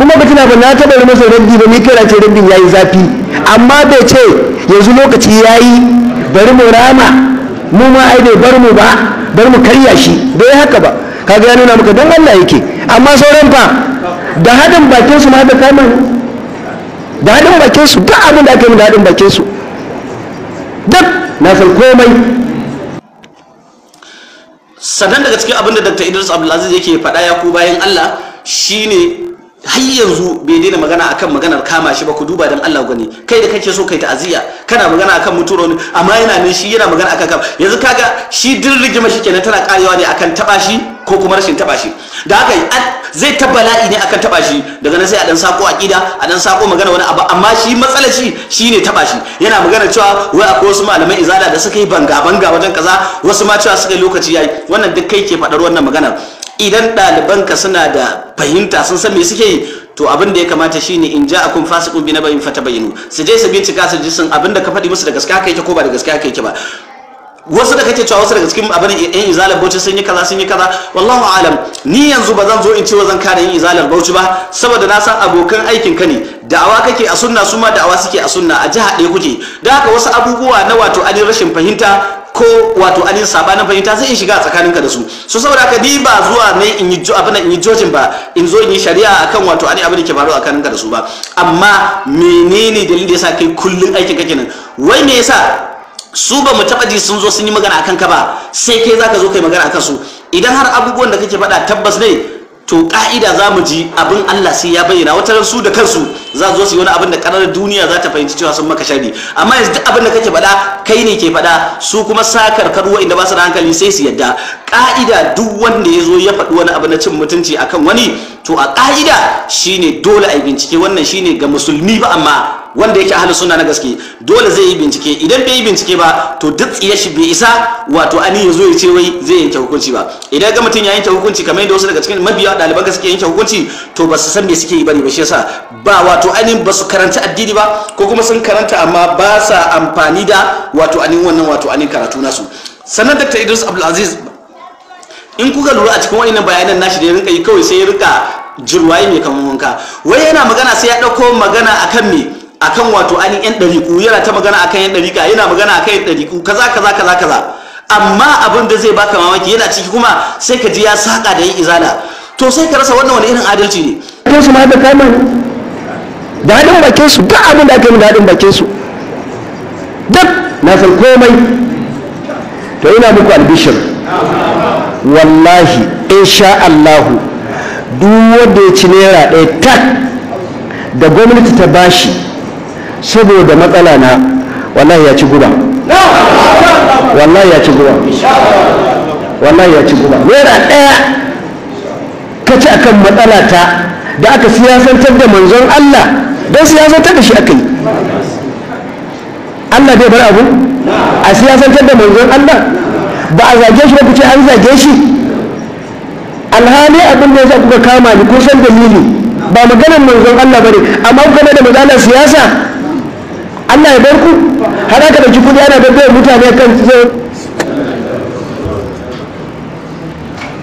kuma ba tuna ba na taɓa yi masa rabbi ba ni kira ce rabbin yayi zafi amma bai ce yanzu lokaci yayi bari mu rama mu ma ai bai bar mu ba bar mu karya shi bai haka ba kaga ya nuna maka don Allah yake amma sauran fa da hadin bakin su ma da kamar da hadin bakin su duk abin da aka yi da hadin bakin su duk na san komai sannan daga cikin abin da Dr. Idris Abdulaziz yake faɗa ya ku bayan Allah shine har yanzu bai daina magana akan maganar kama shi ba ku duba dan Allah gani kai da kake so kai ta'aziyya kana magana akan mutuwar wani amma yana nan shi yana magana akan kama yanzu kaga shi din rigima shi kenan tana karewa ne akan taba shi ko kuma rashin taba shi da haka zai ta bala'i ne akan taba shi daga nan sai a dan sako akida a dan sako magana wani abu amma shi matsalar shi ne taba shi yana magana cewa wai akwai wasu malamai izala da suka yi banga banga wajen kaza wasu ma cewa suka yi lokaci yayi wannan duk kai ke faɗar wannan maganar idan ɗalibanka suna da fahimta sun san me suke yi to abin da ya kamata shine in ja akun fasikun bi na fata bayinu su je su bincika su ji sun abin da ka faɗi musu da gaskiya kai ke ko ba da gaskiya kai ke ba wasu da kake cewa wasu daga cikin abin yan izalar bauchi sun yi kaza sun yi kaza wallahu alam ni yanzu ba zan zo in ce zan kare yin izalar bauchi ba saboda na san abokan aikin ka ne da'awa kake a sunna su ma da'awa suke a sunna a jiha ɗaya kuke da haka wasu abubuwa na wato anin rashin fahimta ko wato anin sabanin fahimta sai in shiga tsakanin ka da su so saboda haka ni ba zuwa ne in yi jo abin in yi jojin ba in zo in yi shari'a akan wato anin abin da ke faru ka da su ba amma menene dalilin da yasa kai kullun aikin kake nan wai me yasa su ba mu taɓa ji sun zo sun yi magana akan ka ba sai kai zaka zo kai magana akan su idan har abubuwan da kake faɗa tabbas ne to ka'ida za mu ji abin Allah sai ya bayyana wata su da kansu za zo su yi wani abin da karar duniya za ta fahimci cewa sun maka shari amma yanzu duk abin da kake faɗa kai ne ke faɗa su kuma sa karuwa inda ba su da hankali sai su yadda ka'ida duk wanda ya zo ya faɗi wani abu na cin mutunci akan wani to a ka'ida shine dole a bincike wannan shine ga musulmi ba amma wanda yake ahlus sunna na gaske dole zai yi bincike idan bai yi bincike ba to duk tsiyar shi bai isa wato ani yazo ya ce wai zai yanke hukunci ba idan ga mutum ya yanke hukunci kamar yadda wasu daga cikin mabiya ɗaliban suke yanke hukunci to ba su san me suke yi bane ba shi yasa ba wa wato ainihin ba su karanta addini ba ko kuma sun karanta amma ba sa amfani da wato ainihin wannan wato ainihin karatu nasu sannan dr idris abdulaziz in kuka lura a cikin wa'annan bayanan nashi da ya rinka yi kawai sai ya rinka jirwaye mai kamar wanka wai yana magana sai ya ɗauko magana akan me akan wato ainihin yan ɗariƙu yana ta magana akan yan ɗariƙa yana magana akan yan ɗariku. kaza kaza kaza kaza amma abin da zai baka mamaki yana ciki kuma sai ka ji ya saka da yin izala to sai ka rasa wannan wani irin adalci ne. da haɗin bakin su duk abin da ake yi da haɗin bakin su duk na san komai to ina muku albishir wallahi insha Allahu duk wanda ya ci naira ɗaya tak da gwamnati ta bashi saboda matsala na wallahi ya ci guba wallahi ya ci guba wallahi ya ci guba naira ɗaya kace akan matsala ta da aka siyasantar da manzon Allah don siyasantar da shi aka yi Allah bai bar abu a siyasantar da manzon Allah ba a zage shi ba ku ce an zage shi alhali abin da ya sa kuka kama ni kun san dalili ba maganar manzon Allah bane amma kuka da maganar siyasa Allah ya bar ku har aka dauki kudi ana dabbe mutane kan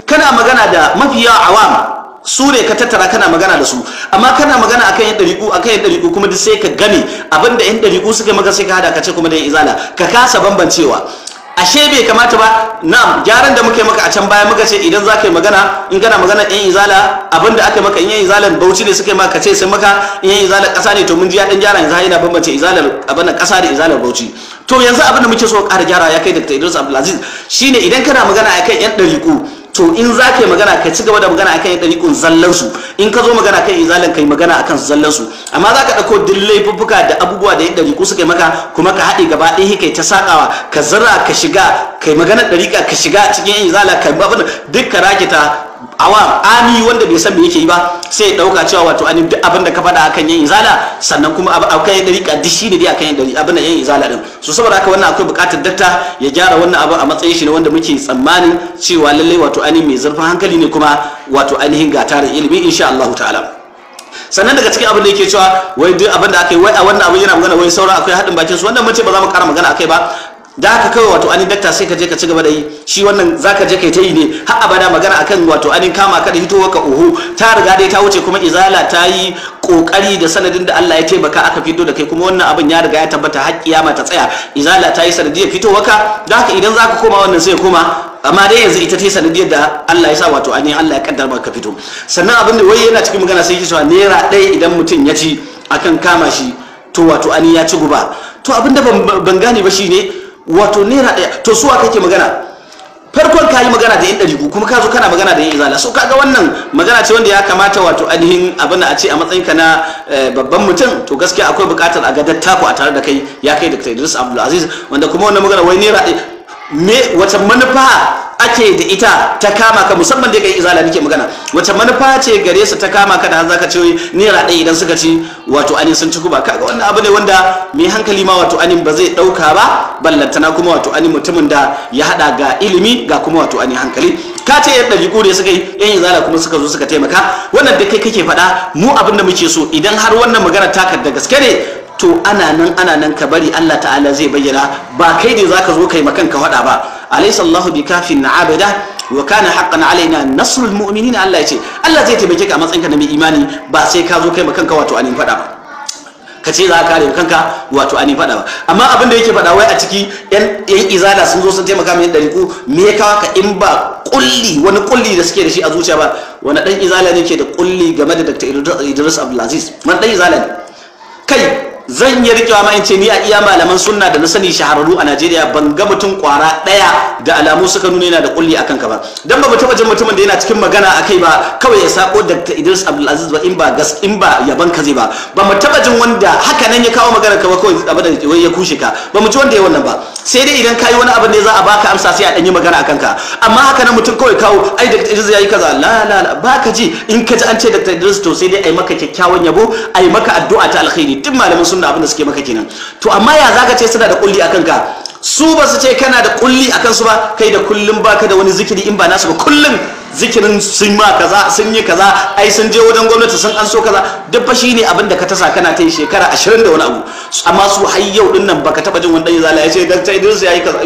kana magana da mafiya awam su ne ka tattara kana magana da su amma kana magana akan yan dariku akan yan dariku kuma duk sai ka gane abinda yan dariku suka maka sai ka hada ka ce kuma da izala ka kasa bambancewa ashe bai kamata ba na'am gyaran da muka yi maka a can baya muka ce idan za ka yi magana in kana magana yan izala abinda aka maka yan izalan bauchi ne suka yi maka ce sun maka yan izalan ƙasa ne to mun ji ya dan gyara yanzu har yana bambance izalar abinda ƙasa da izalar bauchi to yanzu abin da muke so ƙara gyara ya kai Dr. Idris Abdulaziz shine idan kana magana akan yan dariku To in za ka yi magana ka ci gaba da magana akan ɗariƙun zallan su in ka zo magana kan izalan ka yi magana akan zallan su amma za ka ɗauko dillai laifuffuka da abubuwa da ɗariƙu suka yi maka kuma ka haɗe gaba ɗaya kai ta saƙawa ka zara ka shiga kai magana ɗariƙa ka shiga cikin yin izala ka babin duk ka rakita awam ami wanda bai san me yake yi ba sai ya dauka cewa wato an duk abin da ka faɗa akan yin izala sannan kuma akan yin dariƙa duk ne dai akan yin dari, abin da yin izala din so saboda haka wannan akwai buƙatar datta ya gyara wannan abu a matsayin shi ne wanda muke tsammanin cewa lalle wato ani mai zurfin hankali ne kuma wato ainihin tare ilimi insha Allah ta'ala sannan daga cikin abin da yake cewa wai duk abin da aka yi wai a wannan abin yana magana wai sauran akwai haɗin bakin su wannan mun ce ba za mu ƙara magana akai ba da haka kawai wato anin dakta sai ka je ka ci gaba da yi shi wannan za ka je ka yi ta yi ne har abada magana akan wato anin kama ka da hitowa ka oho ta riga dai ta wuce kuma izala ta yi kokari da sanadin da Allah ya taimaka aka fito da kai kuma wannan abin ya riga ya tabbata har kiyama ta tsaya izala ta yi sanadiyar fitowa ka da haka idan za ka koma wannan sai koma amma dai yanzu ita ta yi sanadiyar da Allah ya sa wato anin Allah ya kaddara ka fito sannan abin da wai yana cikin magana sai ya cewa naira ɗaya idan mutum ya ci akan kama shi to wato ani ya ci guba to abin da ban gane ba shi ne wato nera ɗaya to suwa kake magana farkon ka yi magana da yin ɗari kuma ka zo kana magana da yan izala so kaga wannan magana ce wanda ya kamata wato ainihin abin a ce a matsayin ka na eh, babban mutum to gaskiya akwai buƙatar a ga dattako a tare da kai ya kai da idris abdulaziz wanda kuma wannan magana wai nera ɗaya me wata manufa ake da ita ta kama ka musamman da kai izala nake magana wata manufa ce gare su ta kama ka da har zaka ce ya ɗaya idan suka ci wato anin sun ci kuba kaga wannan abu ne wanda mai hankali ma wato anin ba zai ɗauka ba ballantana kuma wato anin mutumin da ya haɗa ga ilimi ga kuma wato anin hankali ka ce yadda jiku ne suka yi yan izala kuma suka zo suka taimaka wannan da kai kake faɗa mu abin da muke so idan har wannan magana ta da gaske ne to ana nan ana nan ka bari Allah ta'ala zai bayyana ba kai ne zaka zo kai makan ka fada ba alaysa Allahu bikafin abada wa kana haqqan alaina nasrul mu'minin Allah yace Allah zai taimake ka a matsayin ka na mai imani ba sai ka zo kai makan ka wato anin fada ba ka ce za ka kare kanka wato anin fada ba amma abin da yake fada wai a ciki yan yan izala sun zo sun taimaka min dariku me ya kawo ka in ba kulli wani kulli da suke da shi a zuciya ba wani dan izala ne ke da kulli game da Dr. Idris Abdulaziz wani dan izala ne kai zan yi rikewa ma in ni a iya malaman sunna da na sani shahararru a Najeriya ban ga mutum kwara daya da alamu suka nuna yana da kulli a ka ba dan ba mutum jin mutumin da yana cikin magana akai ba kawai ya sako Dr. Idris Abdul Aziz ba in ba gas in ba yaban ka zai ba ba mu taba jin wanda haka nan ya kawo magana ka ba kawai da da ya kushe ka ba mu ji wanda ya wannan ba sai dai idan yi wani abin da za a baka amsa sai a danyi magana akan ka amma haka nan mutum kawai kawo ai Dr. Idris yayi kaza la la la baka ji in ka ji an ce Dr. Idris to sai dai ai maka kyakkyawan yabo ai maka addu'a ta alkhairi duk malamin sunna abin da suke maka kenan to amma ya zaka ce suna da kulli akan ka su ba su ce kana da kulli akan su ba kai da kullum baka da wani zikiri in ba nasu ba kullum zikirin sun ma kaza sun yi kaza ai sun je wajen gwamnati sun an so kaza duk fa shine abin da ka tasa kana ta yi shekara 20 da wani abu amma su har yau din nan baka taba jin wani dan zala ya ce dan ta Idris yi kaza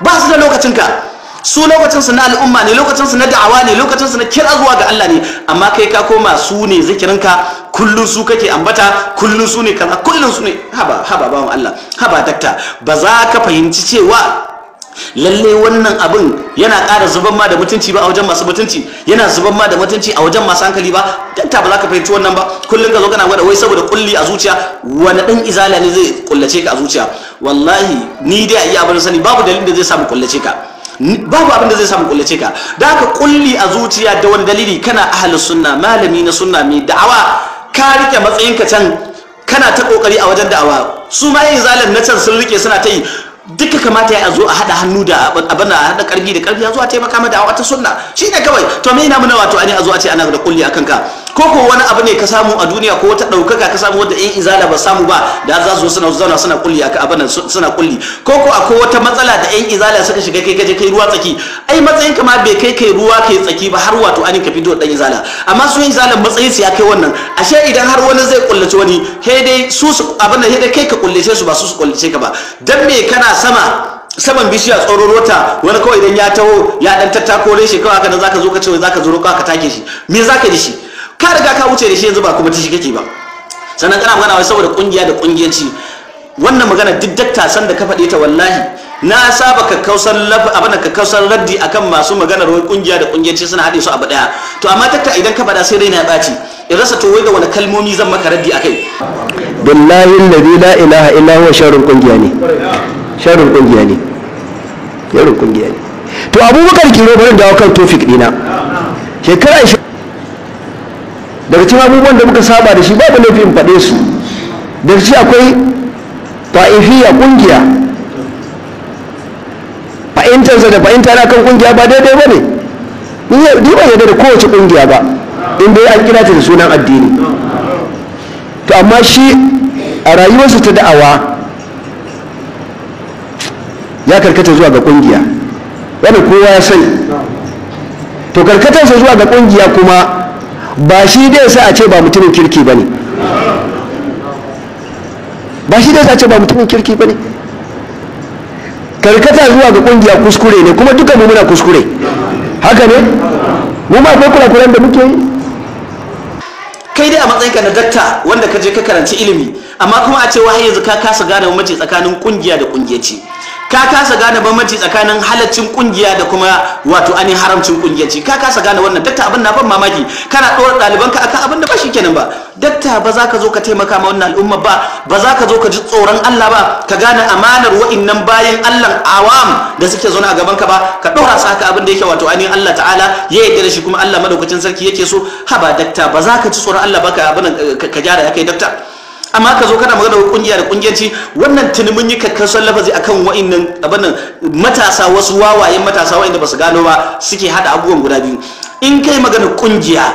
ba su da lokacin ka su lokacin su na al'umma ne lokacin su na da'awa ne lokacin su na kira zuwa ga Allah ne amma kai ka koma su ne zikirinka kullun su kake ambata kullun su ne kaza kullun su ne haba haba bawon Allah haba dakta ba za ka fahimci cewa lalle wannan abin yana ƙara zuban ma da mutunci ba a wajen masu mutunci yana zuban ma da mutunci a wajen masu hankali ba dakta ba za ka fahimci wannan ba Kullun ka zo kana gwada wai saboda kulli a zuciya wani ɗan izala ne zai kullace ka a zuciya wallahi ni dai a iya abin sani babu dalilin da zai samu kullace ka babu abin da zai samu kullace ka da aka kulli a zuciya da wani dalili kana ahalin sunna malami na sunna mai da'awa ka rike matsayinka can kana ta kokari a wajen da'awa su ma yin zalan na can sun rike suna ta yi duka kamata ya zo a haɗa hannu da abin a haɗa ƙarfi da ƙarfi ya zo a taimaka ma da'awa ta sunna shi ne kawai to me ina muna wato ani a zo a ce ana da kulli akan ka Koko wani abu ne ka samu a duniya ko wata ɗaukaka ka samu wanda in izala ba samu ba da za su suna zauna suna kulli aka abin suna kulli ko akwai wata matsala da yan izala suka shiga kai kaje kai ruwa tsaki ai matsayin ka ma bai kai kai ruwa kai tsaki ba har wato anin ka fito dan izala amma su izalan matsayin su ya kai wannan ashe idan har wani zai kullace wani kai dai su su abin da dai kai ka kullace su ba su su kullace ka ba dan me kana sama saman bishiya tsoron rota wani kawai idan ya taho ya dan tattakole shi kawai haka za zaka zo ka ce zaka zo ka take shi me zaka yi shi ka riga ka wuce da shi yanzu ba kuma shi kake ba sannan kana magana wai saboda kungiya da kungiyanci wannan magana duk san da ka faɗe ta wallahi na saba ka kakkausar abin kausar raddi akan masu maganar wai kungiya da kungiyanci suna haɗe su abu ɗaya to amma dakta idan ka faɗa sai raina ya ɓaci in rasa to wai da wani kalmomi zan maka raddi akai billahi alladhi la ilaha illa huwa sharrul kungiya ne sharrul kungiya ne sharrul kungiya ne to abubakar kiro bari dawo kan tofik dina shekara daga cikin abubuwan da muka saba da shi babu laifin faɗe su daga ci akwai ta'ifiya ƙungiya fa'intarsa da fa'inta na kan ƙungiya ba daidai ba ne ni ba yadda da kowace ƙungiya ba in dai an kira ta da sunan addini to amma shi a rayuwarsa ta da'awa ya karkata zuwa ga ƙungiya wani kowa ya sani to karkatarsa zuwa ga ƙungiya kuma ba shi dai sa a ce ba mutumin kirki ba ne ba shi dai sa a ce ba mutumin kirki ba ne karkata zuwa ga kungiya kuskure ne kuma duka mu muna kuskure haka ne mu ma akwai kurakuran da muke yi kai dai a matsayinka na datta wanda ka je ka karanci ilimi amma kuma a ce wahayi yanzu ka kasa gane mace tsakanin kungiya da kungiyaci ka kasa gane bambanci tsakanin halaccin kungiya da kuma wato ani haramcin kungiyanci ka kasa gane wannan dakta abin na ban mamaki kana dora ɗalibanka akan abin da ba shi kenan ba dakta ba za ka zo ka taimaka ma wannan al'umma ba ba za ka zo ka ji tsoron Allah ba ka gane amanar wa'innan bayan Allah awam da suke zaune a gaban ka ba ka dora su abin da yake wato ani Allah ta'ala ya yi da shi kuma Allah madaukakin sarki yake so haba dakta ba za ka ji tsoron Allah ba ka abin ka gyara kai dakta amma ka zo kana magana kungiya da kungiyanci wannan tuni mun yi kakkasar lafazi akan wa'annan abannan matasa wasu wawayen matasa da ba su gano ba suke hada abubuwan guda biyu in kai magana kungiya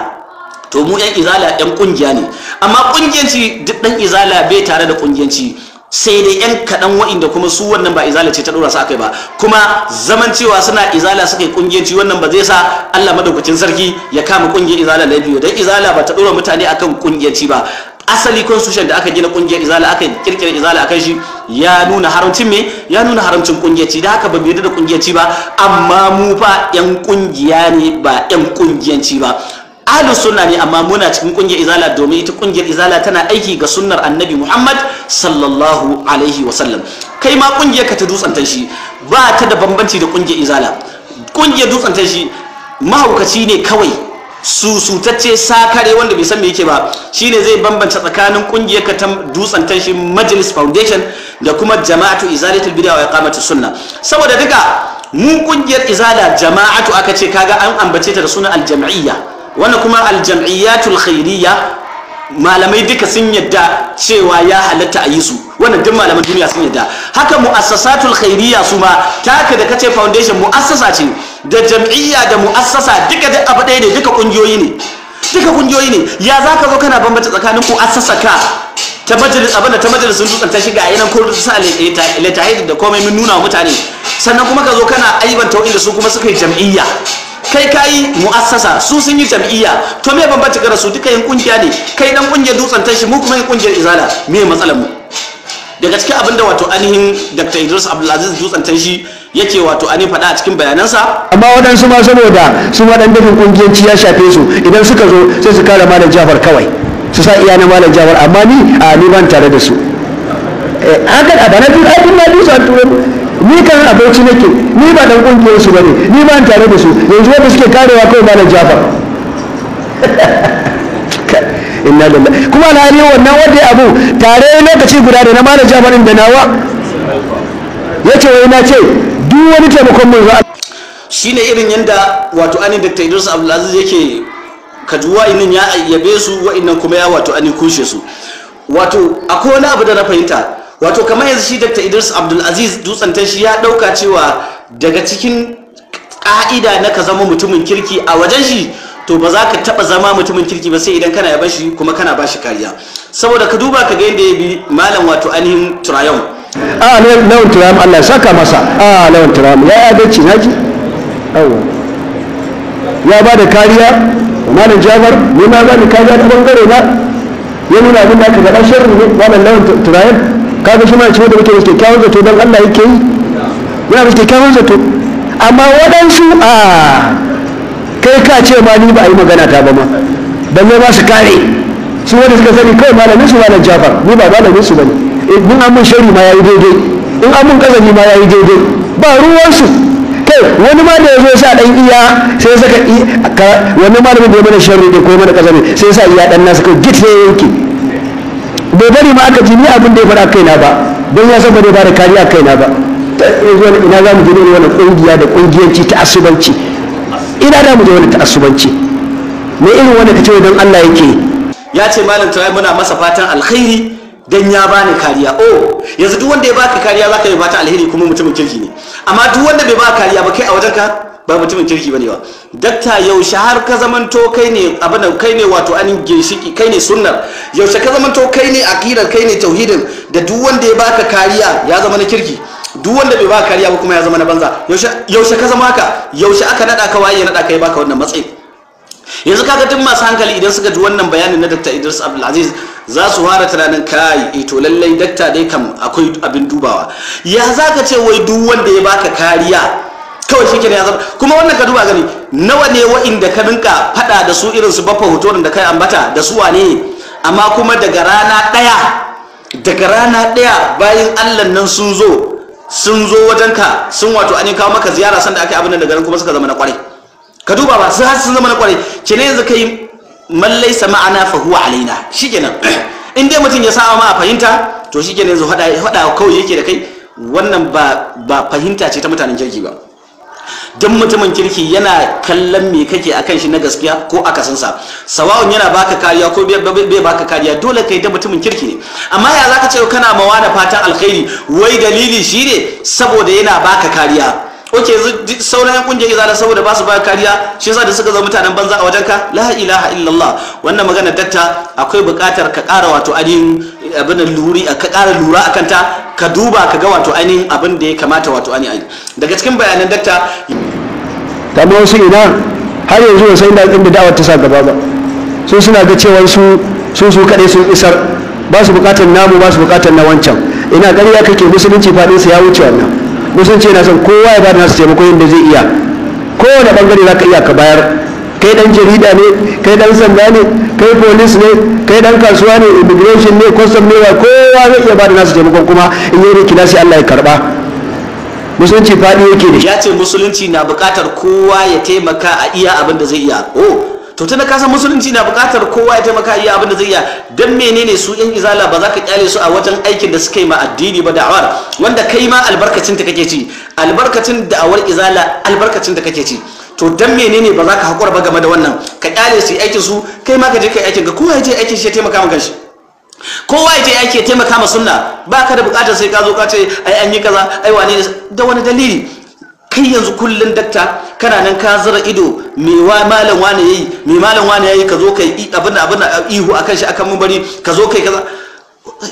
to mu yan izala yan kungiya ne amma kungiyanci duk dan izala bai tare da kungiyanci sai dai yan kaɗan wa'inda kuma su wannan ba izala ce ta ɗora su akai ba kuma zaman cewa suna izala suka yi ƙungiyanci wannan ba zai sa Allah madaukakin sarki ya kama ƙungiyar izala da biyu dan izala ba ta ɗora mutane akan ƙungiyanci ba asali constitution da aka gina kungiyar izala aka kirkira izala akan shi ya nuna haramcin me ya nuna haramcin kungiyaci da haka ba yarda da kungiyaci ba amma mu fa yan kungiya ne ba yan kungiyanci ba ahlus sunna ne amma muna cikin kungiyar izala domin ita kungiyar izala tana aiki ga sunnar annabi muhammad sallallahu alaihi wa sallam kai ma kungiyar ka ta ta shi ba ta da bambanci da kungiyar izala kungiyar ta shi mahaukaci ne kawai susutacce sakare wanda bai san me yake ba shine zai bambanta tsakanin kungiyar ka ta dutsen tashi majalis foundation da kuma jama'atu izalatul bid'a wa iqamatus sunna saboda duka mu kungiyar izala jama'atu aka ce kaga an ambace ta da sunan aljam'iyya wanda kuma aljam'iyyatul khairiyya malamai duka sun yadda cewa ya halatta a yi su wannan duk malaman duniya sun yadda haka mu'assasatul khairiyya su ma taka da kace foundation mu'assasa ce da jam'iyya da mu'assasa duka duk abu ɗaya ne duka ƙungiyoyi ne duka ƙungiyoyi ne ya za ka zo kana bambanta tsakanin mu'assasa ka ta majalis abinda da ta majalisun dutsen ta shiga a yanar kurdu sa littahid da komai mun nuna mutane sannan kuma ka zo kana aibanta wa'inda su kuma suka yi jam'iyya kai ka yi mu'assasa su sun yi jam'iyya to me bambanta ga su duka yin ƙungiya ne kai dan ƙungiyar dutsen tashi mu kuma yin ƙungiyar izala me matsalar mu daga cikin abin da wato ainihin dr idris abdulaziz dutsen tanshi yake wato ainihin faɗa a cikin bayanansa amma waɗansu ma saboda su ma ɗan dafin ƙungiyanci ya shafe su idan suka zo sai su kare malam jafar kawai su sa iya na malam jafar amma ni a ni ban tare da su eh, haka a bana tura abin na dusa ni kan abinci nake ni ba ɗan ƙungiyarsu ba ne ni ban tare da su yanzu wanda suke karewa kawai malam jafar inna lillahi kuma alhali wannan wanda abu tare lokaci guda da na malam jabarin da nawa Ya ce, wai na ce duk wani taimakon mun za a Shi ne irin yadda wato ani da Idris Abdulaziz yake kajuwa inin ya yabe su wa'innan kuma ya wato ani kushe su wato akwai wani abu da na fahimta wato kamar yanzu shi Dr. Idris Abdulaziz dutsantar shi ya dauka cewa daga cikin ka'ida na ka zama mutumin kirki a wajen shi to ba za ka taba zama mutumin kirki ba sai idan kana yaba shi kuma kana ba shi kariya saboda ka duba ka ga yadda ya bi malam wato ainihin turayon a lawan turayon Allah saka masa a lawan turayon ya adalci na ji? ya ba da kariya malam Jafar ne ma ba ni kariya ta bangare na ya nuna abin da aka faɗa sharri ne malam lawan ka ga shi ma ya ce da muke kyakkyawan zato don Allah yake yi yana da kyakkyawan zato amma waɗansu a kai ka ce ma ni ba a yi magana ta ba ma balle ba su kare su wanda suka sani kawai malamin su malam jafar ni ba malamin su bane eh, in an mun shari ma yayi daidai in an mun kazani ma yayi daidai ba ruwan su kai wani ma da yazo sa dan iya sai saka wani malamin da ya mana sharri da ko mana kazani sai sa iya dan nasa kawai git sai yanki bai bari ma aka ji ni abin da ya faɗa kaina ba don ya san ba da kariya kaina ba ina za mu je wani ƙungiya da ƙungiyanci ta asubanci ina da mu da wani ta'assubanci me irin wanda kace don Allah yake ya ce malam tawai muna masa fatan alkhairi dan ya bani kariya oh yanzu duk wanda ya baka kariya zaka yi fata alheri kuma mutumin kirki ne amma duk wanda bai baka kariya ba kai a wajenka ba mutumin kirki bane ba dakta yaushe har ka zamanto kai ne abin kai ne wato an ginshiki kai ne sunnar yaushe ka zamanto kai ne aqidar kai ne tauhidin da duk wanda ya baka kariya ya zama na kirki duk wanda bai baka kariya ba kuma ya zama na banza yaushe ka zama haka yaushe aka nada ka waye ya nada ka baka wannan matsayi yanzu kaga duk masu hankali idan suka ji wannan bayanin na Dr. Idris Abdulaziz za su fara tunanin kai eh to lallai dakta dai kam akwai abin dubawa ya zaka ce wai duk wanda ya baka kariya kawai shi kenan ya zama kuma wannan ka duba gani nawa ne wa'inda ka rinka faɗa da su irin su baffa hoto da kai ambata da su wane amma kuma daga rana daya daga rana daya bayan Allah nan sun zo sun zo wajenka sun wato an yi kawo maka ziyara sanda aka ake abin da garin kuma suka zama na kwarai ka duba ba su sun zama na kwarai ke ne yanzu kai mallai sama ana fahuwa alaina shikenan in dai mutum ya sa ma a fahimta to shikenan yanzu hada kawai yake da kai wannan ba fahimta ce ta mutanen kirki ba duk mutumin kirki yana kallon me kake akan shi na gaskiya ko akasinsa sawa'un yana baka kariya ko bai baka kariya dole kai da mutumin kirki ne amma ya zaka ce kana mawa da fatan alkhairi wai dalili shi ne? saboda yana baka kariya oke yanzu sauran yan kungiyar izala saboda ba su ba kariya shi yasa da suka zama mutanen banza a wajenka la ilaha illallah wannan magana datta akwai buƙatar ka ƙara wato ainihin abin luri ka ƙara lura akan ta ka duba ka ga wato ainihin abin da ya kamata wato ainihin daga cikin bayanan datta. ta kamar wasu ina har yanzu ba sai inda da'awar ta sa gaba ba su suna ga cewa su su su kaɗai sun isar ba su buƙatar namu ba su buƙatar na wancan ina ƙarya kake musulunci faɗinsa ya wuce wannan musulunci yana son kowa ya bada nasu taimako yadda zai iya kowane bangare za ka iya ka bayar kai dan jarida ne kai dan sanda ne kai polis ne kai dan kasuwa ne immigration ne custom ne wa kowa zai iya da nasu taimakon kuma in yi rikina sai Allah ya karba musulunci faɗi yake ne. ya ce musulunci na buƙatar kowa ya taimaka a iya abin da zai iya oh to tunda ka san musulunci na bukatar kowa ya taimaka iya abin da zai iya dan menene su yan izala ba za ka kyale su a wajen aikin da suka yi ma addini ba da'awar wanda kai ma albarkacin ta kake ci albarkacin da'awar izala albarkacin ta kake ci to dan menene ba za ka haƙura ba game da wannan ka kyale su aikin su kai ma ka je kai aikin ka kowa ya je aikin shi ya taimaka maka shi kowa ya je aiki ya taimaka ma sunna ba ka da bukatar sai ka zo ka ce ai an yi kaza ai wane da wani dalili kai yanzu kullun dakta kana nan ka zira ido me wa malam wane yayi me malam wane yayi ka zo kai abin abin ihu akan shi akan mubari ka zo kai kaza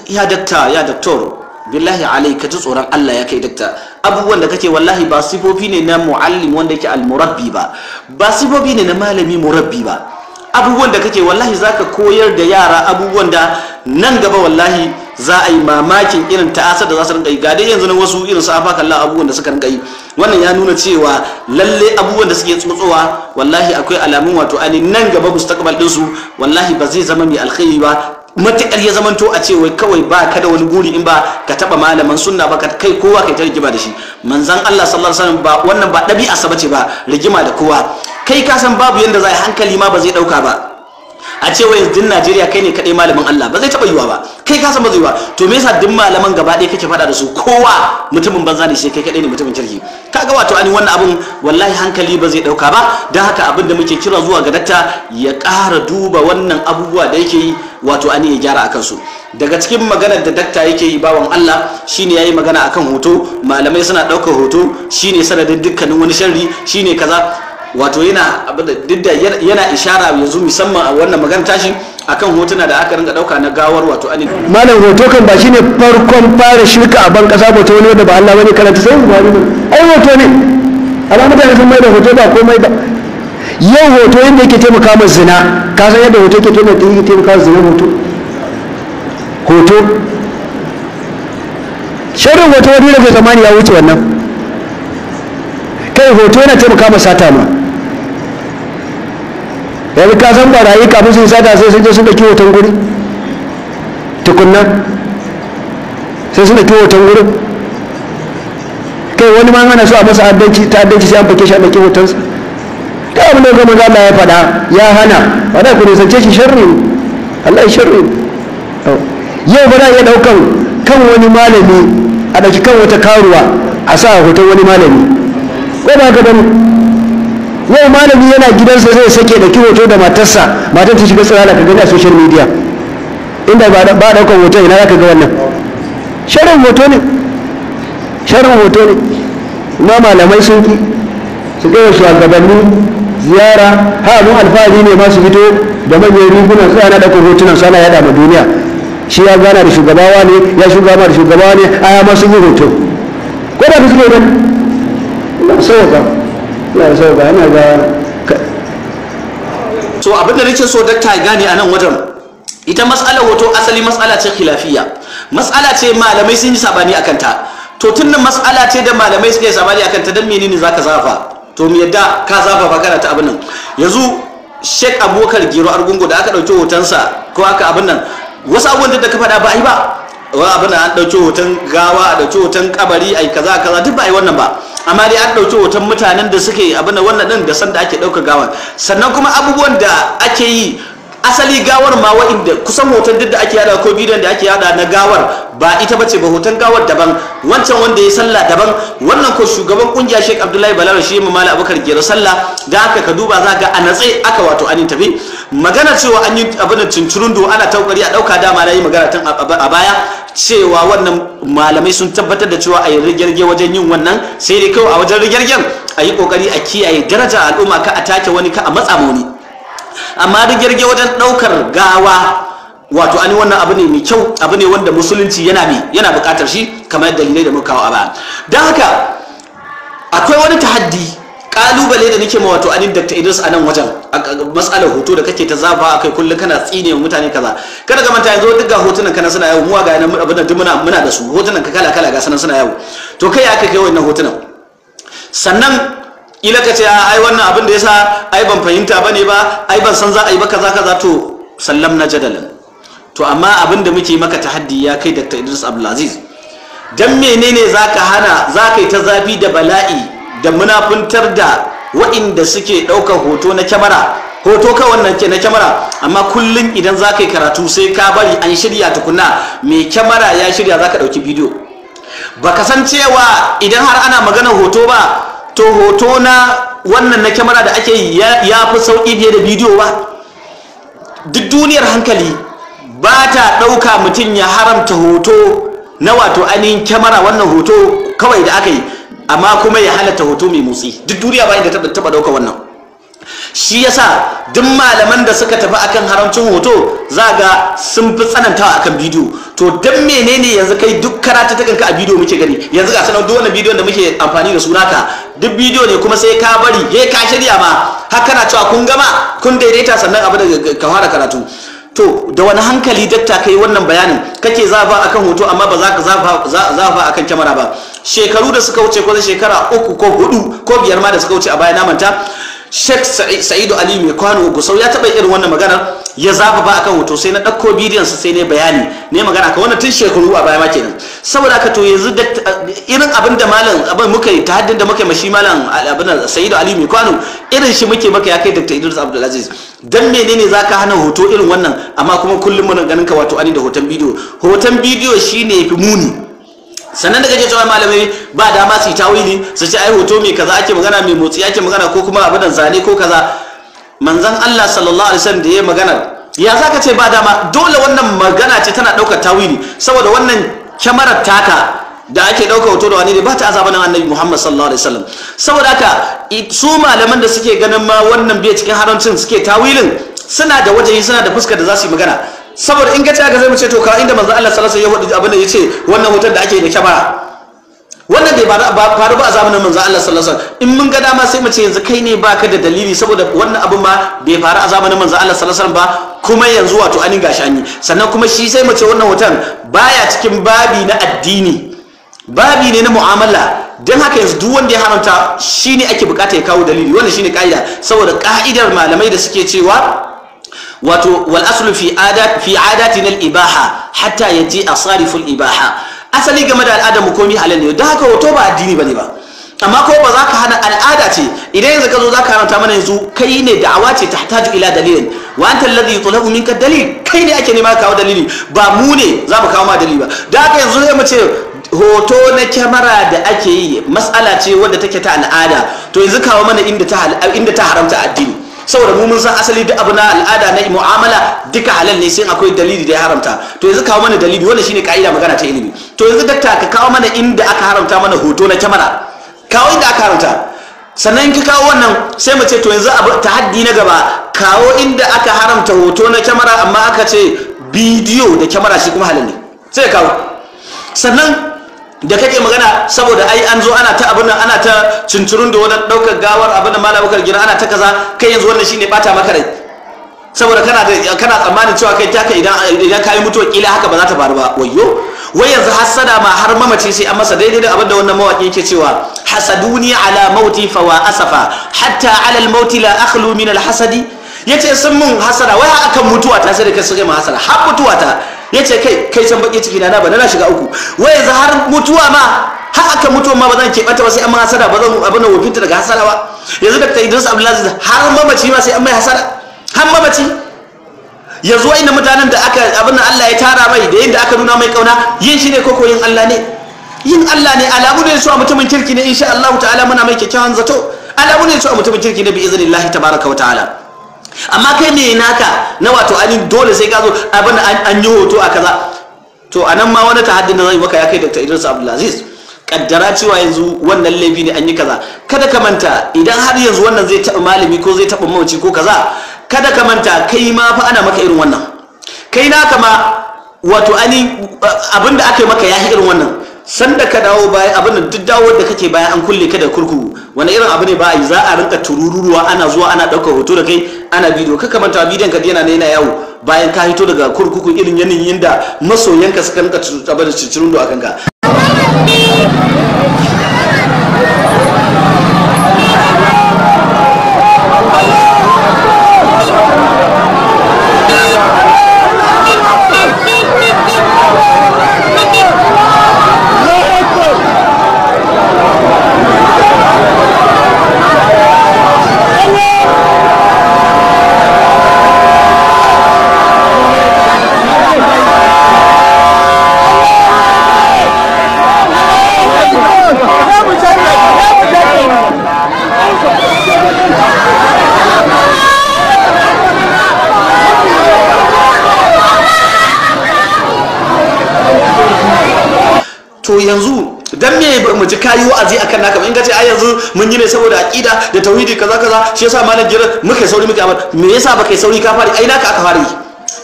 ya dakta ya doctor billahi alai ka ji tsoron Allah ya kai dakta abubuwan da kake wallahi ba sifofi ne na muallim wanda yake almurabbi ba ba sifofi ne na malami murabbi ba abubuwan da kake wallahi zaka koyar da yara abubuwan da nan gaba wallahi za a yi mamakin irin ta'asar da za su rinka yi gade yanzu na wasu irin su afa kalla abubuwan da suka rinka yi wannan ya nuna cewa lalle abubuwan da suke tsotsowa wallahi akwai alamun wato ani nan gaba mustaqbal din su wallahi ba zai zama mai alkhairi ba matuƙar ya zamanto a ce wai kawai ba ka da wani buri in ba ka taɓa malaman sunna ba ka kai kowa kai ta rigima da shi manzan Allah sallallahu alaihi wasallam ba wannan ba ɗabi'a sa bace ba rigima da kowa kai ka san babu yanda za hankali ma ba zai ɗauka ba a ce wai yanzu Najeriya kai ne kadai malamin Allah ba zai taba yiwa ba kai ka san ba zai yiwa to me yasa duk malaman gaba ɗaya kake faɗa da su kowa mutumin banza ne shi kai kadai ne mutumin kirki kaga wato ani wannan abun wallahi hankali ba zai dauka ba dan haka abin da muke kira zuwa ga datta ya ƙara duba wannan abubuwa da yake yi wato ani ya gyara akan su daga cikin maganar da dakta yake yi bawan Allah shine yayi magana akan hoto malamai suna ɗaukar hoto shine sanadin dukkanin wani sharri shine kaza wato yana duk da yana ishara yanzu musamman a wannan magana tashin akan hotuna da aka ringa dauka na gawar wato anin malam hoto kan ba shine farkon fara shirka a ban kasa ba to ne da ba Allah bane karanta sai ba ne ai hoto ne amma mutane sun mai da hoto ba komai ba yau hoto yadda yake taimaka ma zina ka san yadda hoto yake taimaka ma zina hoto hoto shirin hoto wani da zamani ya wuce wannan kai hoto yana taimaka ma sata ma yanzu ka san barayi kafin su sata sai sun je sun daki hoton guri tukunna sai sun daki hoton guri kai wani ma hana su a masa addanci ta addanci sai an fake shi a daki su. ta abu ne kuma Allah ya faɗa ya hana wadda ku nisance shi sharri Allah ya sharri yau ba za iya ɗaukan kan wani malami a ɗauki kan wata karuwa a sa hoton wani malami ko ba ka bane yau malami yana gidansa zai sake da ki hoto da matarsa matar ta shiga tsirara ka gani a social media inda ba daukan hoto ina zaka ga wannan sharin hoto ne sharin hoto ne kuma malamai sun ki su kai gabanni ziyara ha mun alfahari ne masu fito da manyan riguna su ana daukan hotunan su ana yada ma duniya shi ya gana da shugabawa ne ya shugaba da shugabawa ne a ya masu yi hoto ko da su ne ya sauka so ba ga abin da nake so dakta ya gane a nan wajen ita matsalar hoto asali matsala ce khilafiya matsala ce malamai sun yi sabani akan ta to tun nan matsala ce da malamai suka yi sabani akan ta dan menene zaka zafa to mu yadda ka zafa fa kana ta abin nan yanzu Sheikh Abubakar Giro Argungo da aka dauki hotonsa ko aka abin nan wasu abubuwan da ka faɗa ba ai ba wa abin an dauki hoton gawa da hoton kabari ai kaza kaza duk ba ai wannan ba amma dai an ɗauki hoton mutanen da suke abin wannan ɗin da sanda ake ɗauka gawan sannan kuma abubuwan da ake yi asali gawar ma wa'inda kusan hoton duk da ake yada ko bidiyon da ake yada na gawar ba ita ba ce ba hoton gawar daban wancan wanda ya sallah daban wannan ko shugaban kungiya Sheikh Abdullahi Balalo shi mu Malam Abubakar Gero sallah da aka ka duba za ga a natse aka wato an tafi magana cewa an yi abin cincirundu ana taukari a dauka dama na magana tun a baya cewa wannan malamai sun tabbatar da cewa a yi rigirge wajen yin wannan sai dai kawai a wajen rigirgen a yi kokari a kiyaye daraja al'umma ka a take wani ka a matsa amma girge wajen daukar gawa wato ani wannan abu ne mai kyau abu ne wanda musulunci yana mai yana buƙatar shi kamar dalilai da muka kawo a baya don haka akwai wani tahaddi kalubale da nake ma wato anin Dr. Idris a nan wajen matsalar hoto da kake ta a akai kullum kana tsine wa mutane kaza kada ka manta yanzu duk ga hotunan kana suna yawo muwa ga yana abin da duk muna da su hotunan ka kala kala ga sanan suna yawo to kai aka kai wannan hotunan sannan kila ka ce a ai wannan abin da yasa ai ban fahimta bane ba ai ban san za a yi ba kaza kaza to sallam na jadalan to amma abin da muke maka tahaddi ya kai Dr. Idris Abdulaziz dan menene zaka hana zaka yi ta zafi da bala'i da munafuntar da wa'inda suke ɗaukar hoto na kyamara hoto ka wannan ke na kyamara amma kullum idan zaka yi karatu sai ka bari an shirya tukunna mai kyamara ya shirya zaka ka ɗauki bidiyo ba san cewa idan har ana maganar hoto ba to hoto na wannan na kyamara da ake yi ya fi sauƙi fiye da bidiyo ba duk duniyar hankali ba ta ɗauka mutum ya haramta hoto na wato ainihin kyamara wannan hoto kawai da aka yi amma kuma ya halatta hoto mai motsi duk duniya bayan da taɓa ɗauka wannan shi yasa duk malaman da suka tafi akan haramcin hoto za ga sun fi tsanantawa akan bidiyo to dan menene yanzu kai duk karatu ta kanka a bidiyo muke gani yanzu ga sanar duk wani bidiyo da muke amfani da sunaka duk bidiyo ne kuma sai ka bari ya ka shirya ma har kana cewa kun gama kun daidaita sannan abu da ka fara karatu to da wani hankali datta kai wannan bayanin kake zafa akan hoto amma ba za ka zafa akan kyamara ba shekaru da suka wuce ko shekara uku ko hudu ko biyar ma da suka wuce a baya na manta Sheikh Sa'idu Ali mai kwano Gusau ya taɓa irin wannan magana ya zafa ba akan hoto sai na ɗauko bidiyon sa sai ne bayani ne magana ka wannan tun shekaru a baya ma kenan saboda haka to yanzu da irin abin da malam abin muka yi haddin da muka yi mashi malam abin Sa'idu Ali mai kwano irin shi muke maka ya kai Dr. Idris Abdulaziz dan menene za ka hana hoto irin wannan amma kuma kullum muna ganin ka wato ani da hoton bidiyo hoton bidiyo shine fi muni sannan da kake cewa malamai ba dama su yi tawili su ce ai hoto mai kaza ake magana mai motsi ake magana ko kuma abu da zane ko kaza manzon Allah sallallahu alaihi wasallam da yayi magana ya zaka ce ba dama dole wannan magana ce tana daukar tawili saboda wannan kyamarar taka da ake ɗauka hoto da wani ne ba ta azaba nan annabi Muhammad sallallahu alaihi wasallam saboda haka su malaman da suke ganin ma wannan bai cikin haramcin suke tawilin suna da wajehi suna da fuska da za su yi magana saboda in gaci aka zai mu ce to ka inda manzo Allah sallallahu alaihi wasallam ya abin da wannan hoton da ake da kyamara wannan bai faru ba a zamanin manzo Allah sallallahu in mun ga dama sai mu ce yanzu kai ne baka da dalili saboda wannan abin ma bai faru a zamanin manzo Allah sallallahu ba kuma yanzu wato anin gashi an yi sannan kuma shi sai mu ce wannan hoton baya cikin babi na addini babi ne na mu'amala don haka yanzu duk wanda ya haramta shine ake bukata ya kawo dalili wannan shine ka'ida saboda ka'idar malamai da suke cewa wato wal aslu fi adat fi adatin al ibaha hatta yaji asarifu al ibaha asali game da al'adar mu komi halal ne don haka hoto ba addini bane ba amma ko ba za ka hana al'ada ce idan yanzu ka zo za ka haramta mana yanzu kai ne da'awa ce ta hataju ila dalilin wa anta alladhi yutlabu minka dalil kai ne ake nema kawo dalili ba mu ne za mu kawo ma dalili ba da haka yanzu zai mu ce hoto na kyamara da ake yi mas'ala ce wadda take ta al'ada to yanzu kawo mana inda ta haramta addini saboda mu mun san asali duk abu na al'ada na mu'amala duka halal ne sai akwai dalili da ya haramta to yanzu kawo mana dalili wannan shine ka'ida magana ta ilimi to yanzu dakta ka kawo mana inda aka haramta mana hoto na kyamara kawo inda aka haramta sannan ki kawo wannan sai mu ce to yanzu abu tahaddi na gaba kawo inda aka haramta hoto na kyamara amma aka ce bidiyo da kyamara shi kuma halal ne sai kawo sannan da kake magana saboda ai an zo ana ta abin nan ana ta cincirun da wannan daukar gawar abin da malamu bakar gina ana ta kaza kai yanzu wannan shine bata maka rai saboda kana da kana tsammanin cewa kai ta taka idan idan kai mutuwa kila haka ba za ta faru ba wayyo wai yanzu hasada ma har mamaci sai an masa daidai da abin da wannan mawaki yake cewa hasaduni ala mauti fa wa asafa hatta ala al mauti la akhlu min al hasadi yace sun mun hasada wai akan mutuwa ta sai da kai sai ma hasada har mutuwa ta ya ce kai kai can baki ciki na ba na shiga uku wai yanzu har mutuwa ma har aka mutuwa ma ba zan bata ba sai an ma hasara ba zan abin da wofinta daga hasara ba yanzu da idris abdullahi har mamaci ma sai an mai hasara, har mamaci yanzu wa'in mutanen da aka abin da allah ya tara mai da yadda aka nuna mai kauna yin shi ne koko yin allah ne yin allah ne alamu ne su a mutumin kirki ne insha allah ta'ala muna mai kyakkyawan zato alamu ne su a mutumin kirki ne bi izinillahi tabaraka wa ta'ala amma kai ne naka na wato an dole sai ka zo abin an yi hoto a kaza to a nan ma wani tahaddin da zai maka ya kai dr idris abdulaziz kaddara cewa yanzu wannan laifi ne an yi kaza kada ka manta idan har yanzu wannan zai taɓa malami ko zai taɓa mawuci ko kaza kada ka manta kai ma fa ana maka irin wannan kai naka ma wato ani abin da aka yi maka ya irin wannan sanda ka dawo bayan abin da duk dawo da kake bayan an kulle ka da kurkuku wani irin abu ne ba yi za a rinka tururuwa ana zuwa ana ɗaukar hoto da kai ana bidiyo ka kamanta bidiyon ka yana yana yawo bayan ka hito daga kurkuku irin yanayin da masoyanka suka rinka abin da cincirin a kanka ka yi wa'azi akan naka in ka ce a yanzu mun yi ne saboda aƙida da tauhidi kaza kaza shi yasa malam jiran muka sauri muka amar me yasa baka yi sauri ka fari ai naka aka fara yi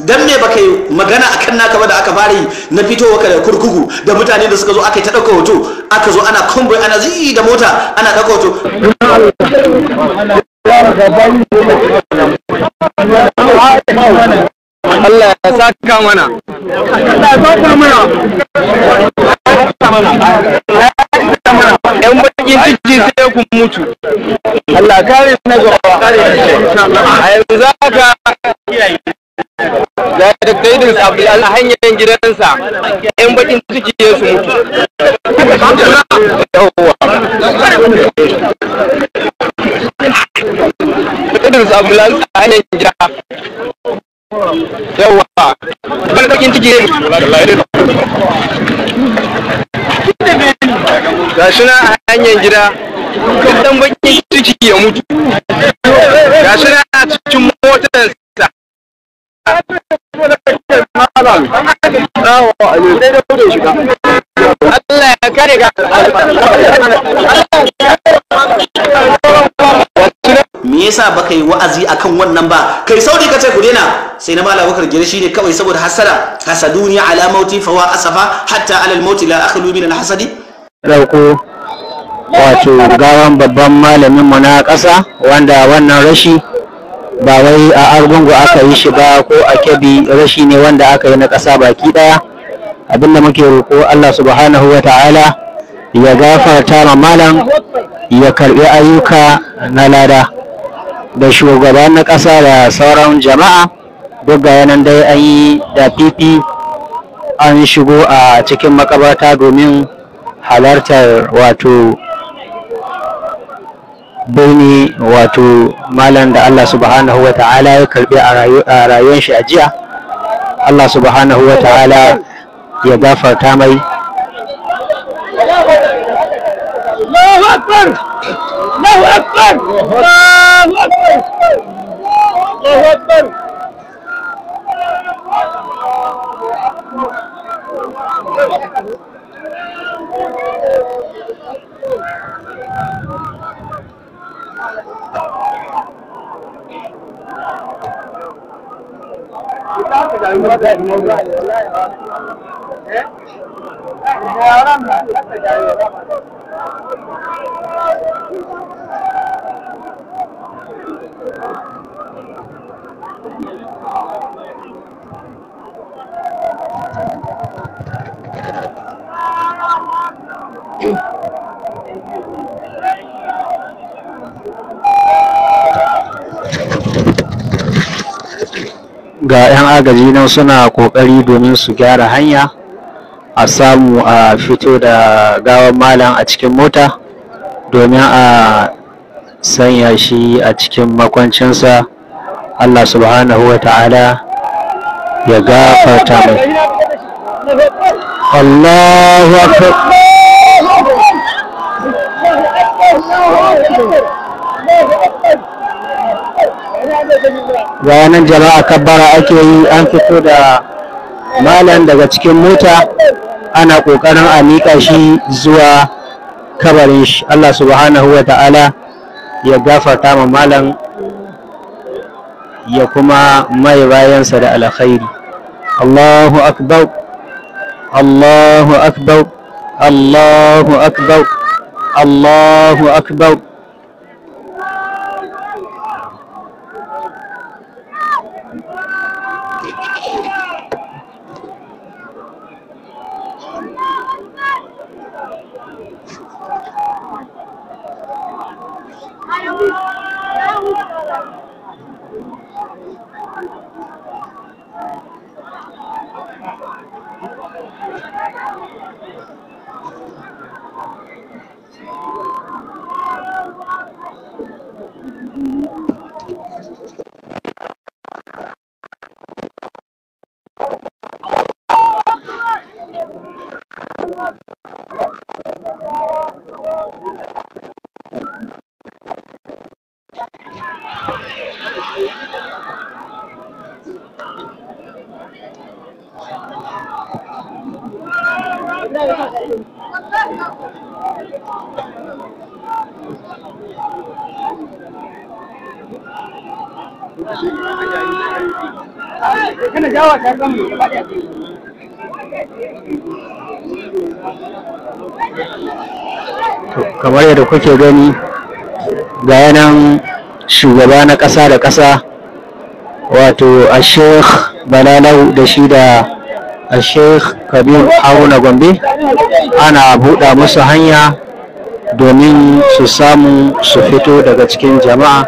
dan me baka yi magana akan naka ba da aka fara yi na fitowa ka da kurkuku da mutane da suka zo aka yi ta ɗauka hoto aka zo ana kumbai ana zi da mota ana ɗauka hoto Allah ya saka mana kun mutu Allah kare na gaba a yanzu za ka da Dr. sabbi a hanyar gidansa yan bakin ciki ya su mutu Idris a hanyar gida shi na hanyar gida dan bakin ciki ya mutu ga shi na cikin motarsa Allah ya kare me yasa baka yi wa'azi akan wannan ba kai saudi ce ku daina sai na mala bakar gire ne kawai saboda hasara hasaduni ala mauti fa wa asafa hatta ala al la akhlu min rauko wato gawan babban malamin mu na ƙasa wanda wannan rashi ba wai a argungu aka yi shi ba ko a kebi rashi ne wanda aka yi na ƙasa baki ɗaya abinda muke roƙo Allah subhanahu wa ta'ala ya gafarta ma malam ya karɓi ayyuka na lada da shugaban na ƙasa da sauran jama'a duk ga yanan dai an yi da fifi an shigo a cikin makabarta domin halartar wato birni wato malam da Allah subhanahu wa ta'ala ya karbi a rayuwar shi a jiya Allah subhanahu wa ta'ala ya gafarta mai Thank you. Thank you. ga 'yan agaji nan suna ƙoƙari domin su gyara hanya a samu a fito da gawan malam a cikin mota domin a sanya shi a cikin makwancinsa Allah subhanahu wa ta'ala ya gafarta mai Allahu akbar ga jama'a kabbara ake yi an fito da malam daga cikin mota ana ƙoƙarin a miƙa shi zuwa kabarin shi Allah subhanahu wa ta'ala ya gafarta ma malam ya kuma mai bayansa da alkhairi Allahu akbar Allahu akbar Allahu akbar Allahu akbar kamar yadda kuke gani ga yanan shugaba na ƙasa da ƙasa wato a sheikh balalau da shi da a sheikh kabir haruna gombe ana buɗa musu hanya domin su samu su fito daga cikin jama'a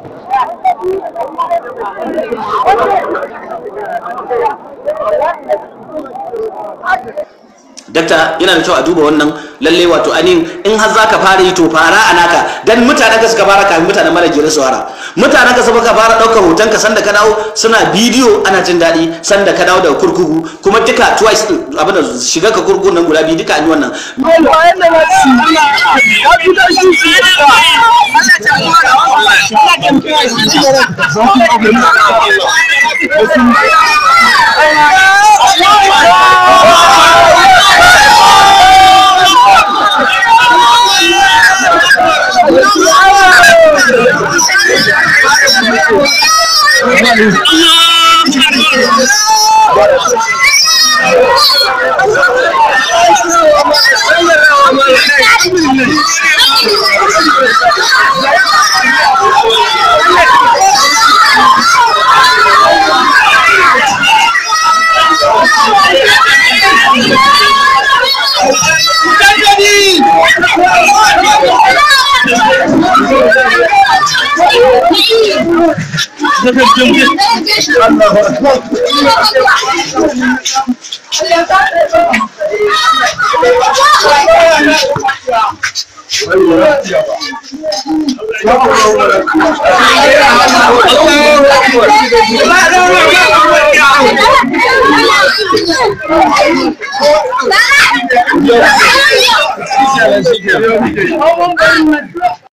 Thank dakta yana da kyau a duba wannan lalle wato anin in har zaka fara yi to fara a naka dan mutanen ka suka fara kafin mutanen mara gere su fara mutanen ka suka fara daukar hoton ka sanda ka dawo suna bidiyo ana jin daɗi sanda ka dawo daga kurkuku kuma duka twice abin da shiga ka kurkuku nan guda biyu duka an yi wannan Allah Allah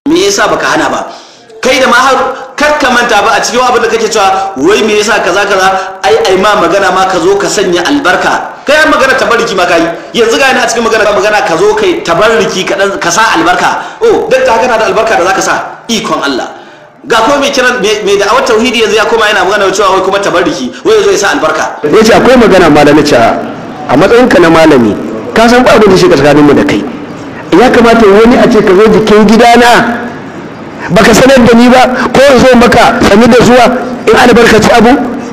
Me yasa baka hana ba? karanta ba a cikin abin da kake cewa wai me yasa kaza kaza ai ai ma magana ma ka zo ka sanya albarka kai an magana tabarriki ma kai yanzu ga ina cikin magana magana ka zo kai tabarriki ka dan ka sa albarka oh dan ta haka da albarka da zaka sa ikon Allah ga ko mai kiran mai awar tauhidi yanzu ya koma yana magana cewa wai kuma tabarriki wai yazo ya sa albarka yace akwai magana ma da nace a ka na malami ka san ba abin da shi tsakanin mu da kai ya kamata wani a ce ka zo jikin gidana baka sanar da ni ba ko zo maka sami da zuwa in albarkaci abu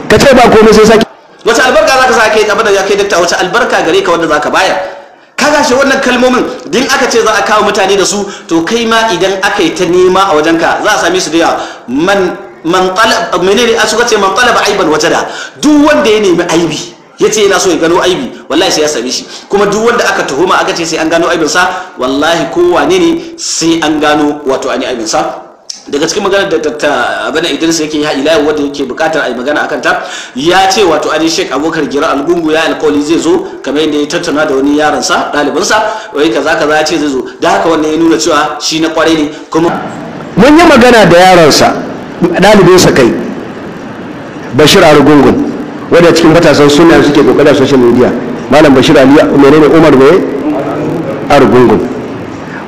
ka ce ba komai sai sake wace albarka zaka sake abada da yake dakta wace albarka gare ka wanda zaka baya ka gashi wannan kalmomin din aka ce za a kawo mutane da su to kai ma idan aka yi ta nema a wajen ka za a same su da yawa man man talab menene a suka ce man talaba aiban wajada duk wanda ya nemi aibi ya ce yana so ya gano aibi wallahi sai ya same shi kuma duk wanda aka tuhuma aka ce sai an gano aibinsa wallahi kowane ne sai an gano wato ani aibinsa daga cikin maganar da dakta abana idris yake ya ila wanda yake bukatar a yi magana akan ta ya ce wato ali sheik abokar gira algungu ya alkawali zai zo kamar yadda ya tattauna da wani yaron sa wai kaza kaza ya ce zai zo da haka wannan ya nuna cewa shi na kwarai ne kuma mun yi magana da yaron sa ɗalibin kai bashir algungun wadda cikin matasan suna suke kokari a social media malam bashir ali menene umar bai argungun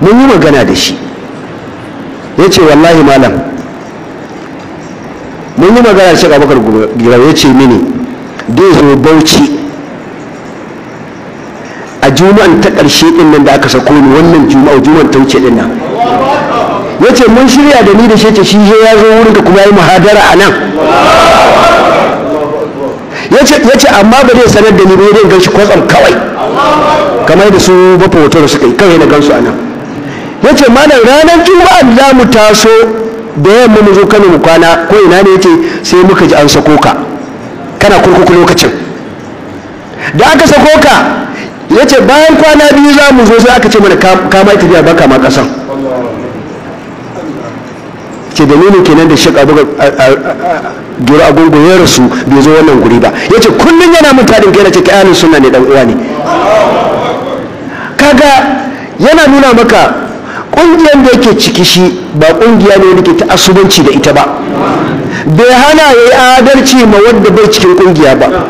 mun yi magana da shi ya ce wallahi malam mun yi magana da shi bakar gira ya ce mini dai zo bauchi a juma'an ta ƙarshe din nan da aka sako ni wannan juma'a juma'an ta wuce ɗin nan ya ce mun shirya da ni da shi ce shi ya zo wurin da kuma yi muhadara a nan ya ce amma ba zai sanar da ni ba zai gan shi kwatsam kawai kamar da su bafa da suka yi kawai na gansu a nan ya ce malam ranar juma'a za mu taso da yamma mu zo kano mu kwana ko ina ne yace sai muka ji an sako ka kana kurkuku lokacin da aka sako ka ya ce bayan kwana biyu za mu zo sai aka ce mana kama tafiya baka ma kasan ke nuna kenan da shek abu a agungu ya rasu bai zo wannan guri ba ya ce kullum yana mun taɗin kai na ce kayanin suna ne dan uwa ne kaga yana nuna maka ƙungiyar da yake ciki shi ba ƙungiya ne wanda ke ta asubanci da ita ba bai hana ya yi adalci ma wadda bai cikin ƙungiya ba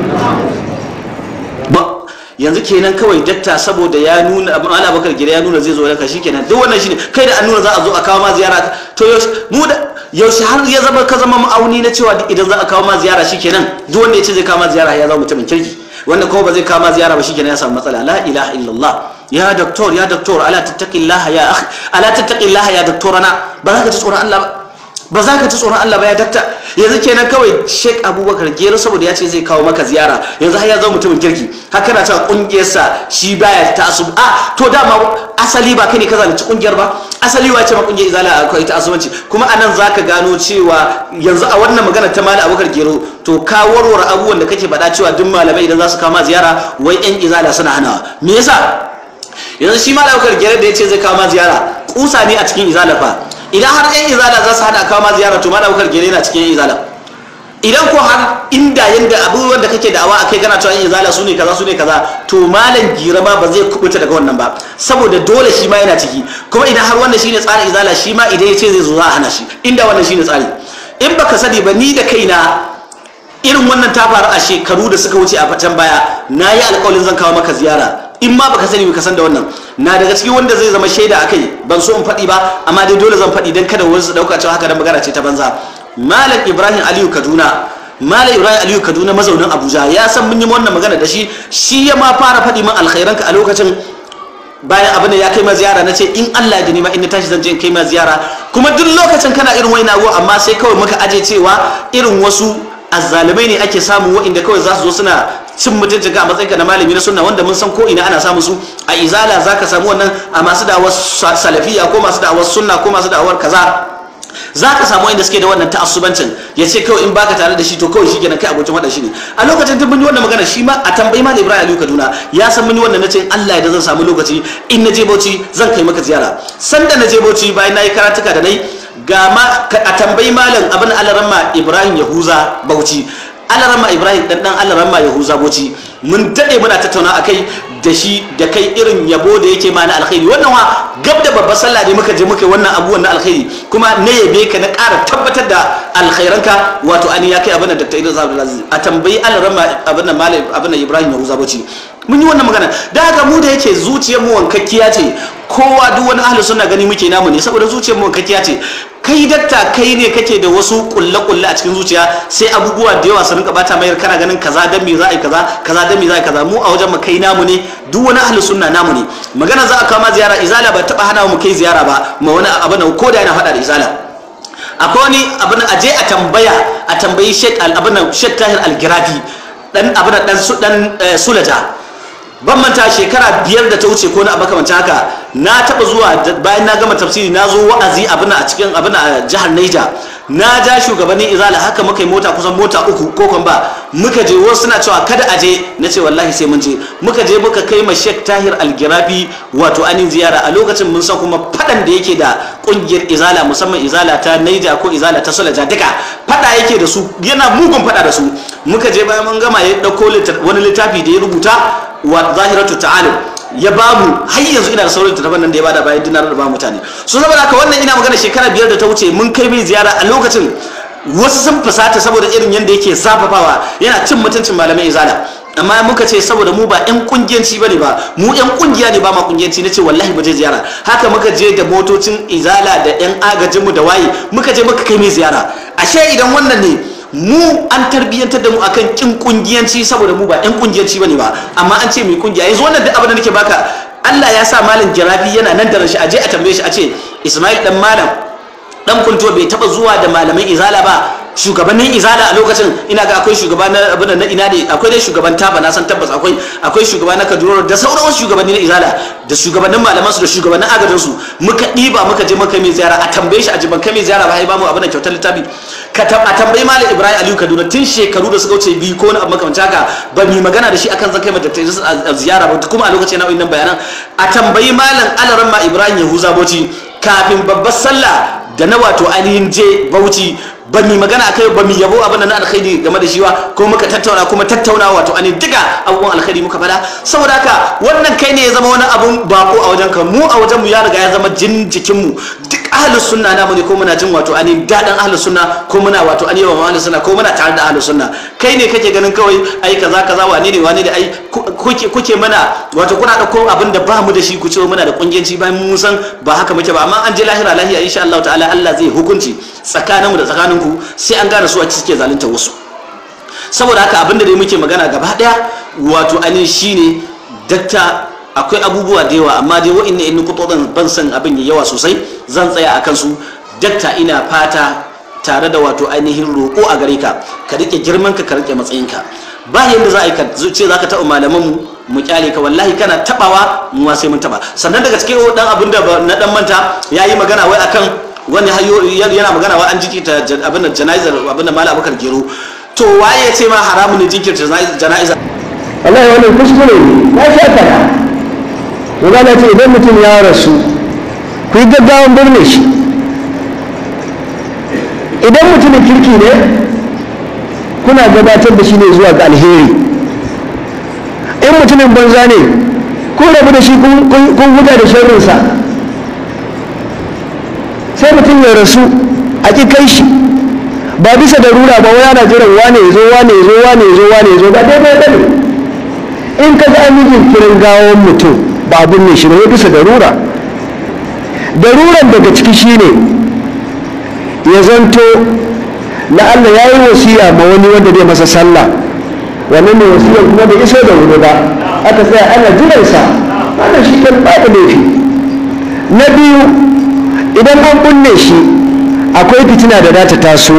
yanzu kenan kawai datta saboda ya nuna abin ala bakar gida ya nuna zai zo daga shi kenan duk wannan shi ne kai da annuna za a zo a kawo ma ziyara to mu da yaushe har ya zama ka zama ma'auni na cewa idan za a kawo ma ziyara shi kenan duk wanda ya ce zai kawo ma ziyara ya zama mutumin kirki wanda kuma ba zai kawo ma ziyara ba shi kenan ya samu matsala la ilaha illallah ya doktor ya doktor ala tattaqillaha ya akhi ala tattaqillaha ya doktorana ba za ka ji tsoron Allah ba ba za ka ci tsoron Allah ba ya dakta yanzu kenan kawai Sheikh Abubakar Gero saboda ya ce zai kawo maka ziyara yanzu har ya zama mutumin kirki har kana cewa kungiyarsa shi baya ta asub a to dama asali ba kai ne ka zalunci kungiyar ba asali wace ma kungiyar izala akwai ta asubanci kuma anan zaka gano cewa yanzu a wannan magana ta Malam Abubakar Gero to ka warware abubuwan da kake faɗa cewa duk malamai idan za su kawo ma ziyara wai yan izala suna hana me yasa yanzu shi Malam Abubakar Gero da ya ce zai ma ziyara kusa ne a cikin izala fa idan har yan izala za su hada kawo ma ziyara to mana bukar gele na cikin yan izala idan ko har inda yanda abubuwan da kake da'awa a kai kana cewa yan izala su ne kaza su ne kaza to malam gira ma ba zai kubuta daga wannan ba saboda dole shi ma yana ciki kuma idan har wannan shine tsarin izala shi ma idan ya ce zai zo za a hana shi inda wannan shine tsari in baka sani ba ni da kaina irin wannan ta faru a shekaru da suka wuce a fatan baya na yi alƙawarin zan kawo maka ziyara in ma baka sani ka san da wannan na daga cikin wanda zai zama shaida akai ban so in faɗi ba amma dai dole zan faɗi dan kada wani su dauka cewa haka dan magana ce ta banza malam ibrahim aliyu kaduna malam ibrahim aliyu kaduna mazaunin abuja ya san mun yi wannan magana da shi shi ya ma fara faɗi min alkhairanka a lokacin bayan abin da ya kai ma ziyara na ce in Allah ya ma in na tashi zan je in kai ma ziyara kuma duk lokacin kana irin waina amma sai kawai muka aje cewa irin wasu azzalimai ne ake samu waɗanda kawai za su zo suna cin mutuncin ka a matsayinka na malami na sunna wanda mun san ko ina ana samu su a izala za ka samu wannan a masu da'awar salafiya ko masu da'awar sunna ko masu da'awar kaza za ka samu wanda suke da wannan ta'assubancin ya ce kawai in baka tare da shi to kawai shi kenan kai abokin faɗa shi ne a lokacin tun mun yi wannan magana shi ma a tambayi ma da Ibrahim Aliyu Kaduna ya san mun yi wannan nace Allah ya da zan samu lokaci in na je Bauchi zan kai maka ziyara sanda na je Bauchi bayan nayi karatuka da nayi ga ma a tambayi malam abin alarama ibrahim yahuza bauchi alarama ibrahim dan dan alarama yahuza bauchi mun dade muna tattauna akai da shi da kai irin yabo da yake ma na alkhairi wannan wa gab da babbar sallah ne muka je muka wannan abu na alkhairi kuma ne yabe ka na ƙara tabbatar da alkhairanka wato ani ya kai abin da dr idris abdulaziz a tambayi alarama abin da malam abin da ibrahim yahuza bauchi mun yi wannan magana da haka mu da yake zuciyar mu wankakkiya ce kowa duk wani ahlus sunna gani muke namu ne saboda zuciyar mu wankakkiya ce kai datta kai ne kake da wasu kulle kulle a cikin zuciya sai abubuwa da yawa su rinka bata mayar kana ganin kaza dan me za a yi kaza kaza dan me za a yi kaza mu a wajen mu kai namu ne duk wani ahlus sunna namu ne magana za a kawo ma ziyara izala ba taba hana mu kai ziyara ba ma wani ne ko da yana faɗa da izala akwai wani abu ne aje a tambaya a tambayi shek al ne shek tahir al girafi dan abu dan su dan eh, sulaja ban manta shekara biyar da ta wuce ko na manta haka na taba zuwa bayan na gama tafsiri na zo wa'azi abin a cikin abin a jihar Niger na ja shugabannin izala haka muka yi mota kusan mota uku ko kan ba muka je wasu suna cewa kada a je na ce wallahi sai mun je muka je muka kai ma Sheikh Tahir algirafi wato anin ziyara a lokacin mun san kuma fadan da yake da kungiyar izala musamman izala ta Niger ko izala ta Sulaja duka fada yake da su yana mugun fada da su muka je bayan mun gama ya dauko wani littafi da ya rubuta wa zahiratu ta'alim ya babu har yanzu ina da saurin tattaban nan da ya bada bayan dinar da ba mutane so saboda haka wannan ina magana shekara biyar da ta wuce mun kai bi ziyara a lokacin wasu sun fusata saboda irin yanda yake zafafawa yana cin mutuncin malamai izala amma muka ce saboda mu ba yan kungiyanci ba ne ba mu yan kungiya ne ba ma kungiyanci na ce wallahi ba je ziyara haka muka je da motocin izala da yan agajinmu da waye muka je muka kai mai ziyara ashe idan wannan ne mu an tarbiyyantar da mu akan kin kungiyanci saboda mu ba yan kungiyanci bane ba amma an ce mai kungiya yanzu wannan duk abin da nake baka Allah ya sa malam Jarabi yana nan da rashi aje a tambaye shi a ce Ismail dan malam dan kunto bai taba zuwa da malamai izala ba shugabannin izala a lokacin ina ga akwai shugaba na abin na ina ne akwai dai shugaban taba na san tabbas akwai akwai shugaba na kaduna da sauran wasu shugabanni na izala da shugabannin malaman su da shugabannin agajin su muka diba muka je muka mai ziyara a tambaye shi a jiban kai mai ziyara ba ba mu abin da kyautar littafi ka a tambayi malam ibrahim aliyu kaduna tun shekaru da suka wuce biyu ko wani abu makamancin haka ba mu magana da shi akan zan kai ma dattai a ziyara ba kuma a lokacin na nan bayanan a tambayi malam alaramma ibrahim yahuza bauchi kafin babbar sallah da na wato ainihin je bauchi ba mu magana akai ba mu yabo abin da na alkhairi game da shi ba ko muka tattauna kuma tattauna wato ani duka abubuwan alkhairi muka fada saboda haka wannan kai ne ya zama wani abun bako a wajen ka mu a wajen mu ya riga ya zama jin jikin mu ahlus sunna namu ne ko muna jin wato ani daɗin ahlus sunna ko muna wato ani yawan ahlus sunna ko muna tare da ahlus sunna kai ne kake ganin kawai ai kaza kaza wani ne wani da ai kuke mana wato kuna ko abin da ba mu da shi ku ce muna da kungiyanci bayan mun san ba haka muke ba amma an je lahira lahiya insha Allah ta'ala Allah zai hukunci tsakaninmu da tsakaninku sai an gane su a cikin zalunta wasu saboda haka abin da dai muke magana gaba daya wato ani shine dakta akwai abubuwa da yawa amma dai wa'in in kuɗoɗin ban san abin ya yawa sosai zan tsaya a kansu dakta ina fata tare da wato ainihin roƙo a gare ka ka riƙe girman ka ka riƙe matsayinka ba yadda za a yi ka ce za ka taɓa malaman mu mu kyale ka wallahi kana taɓawa mu ma sai mun taɓa sannan daga cikin dan abin da na dan manta ya yi magana wai akan wani yana magana wai an jikita abin da jana'izar abin da malam abubakar gero to waye ya ce ma haramun ne jinkirta jana'izar wallahi wani kuskure ne na shi magana ce idan mutum ya rasu ku yi gaggawan birne shi idan mutumin kirki ne kuna gabatar da shi ne zuwa ga alheri in mutumin banza ne ku rabu da shi kun huta da sharrinsa sai mutum ya rasu a ƙi kai shi ba bisa da rura ba wani ana jiran wane zo wane ya zo wane ya zo wane zo ba daidai ba ne in ka ga amijin yi gawon mutum ba binne shi ne bisa darura daruran daga ciki shi ne ya zanto na Allah ya yi wasiya ma wani wanda zai masa sallah wannan ne wasiyar kuma da iso da wuri ba aka tsaya ana jiransa ana shi kan ba da laifi na biyu idan an binne shi akwai fitina da data taso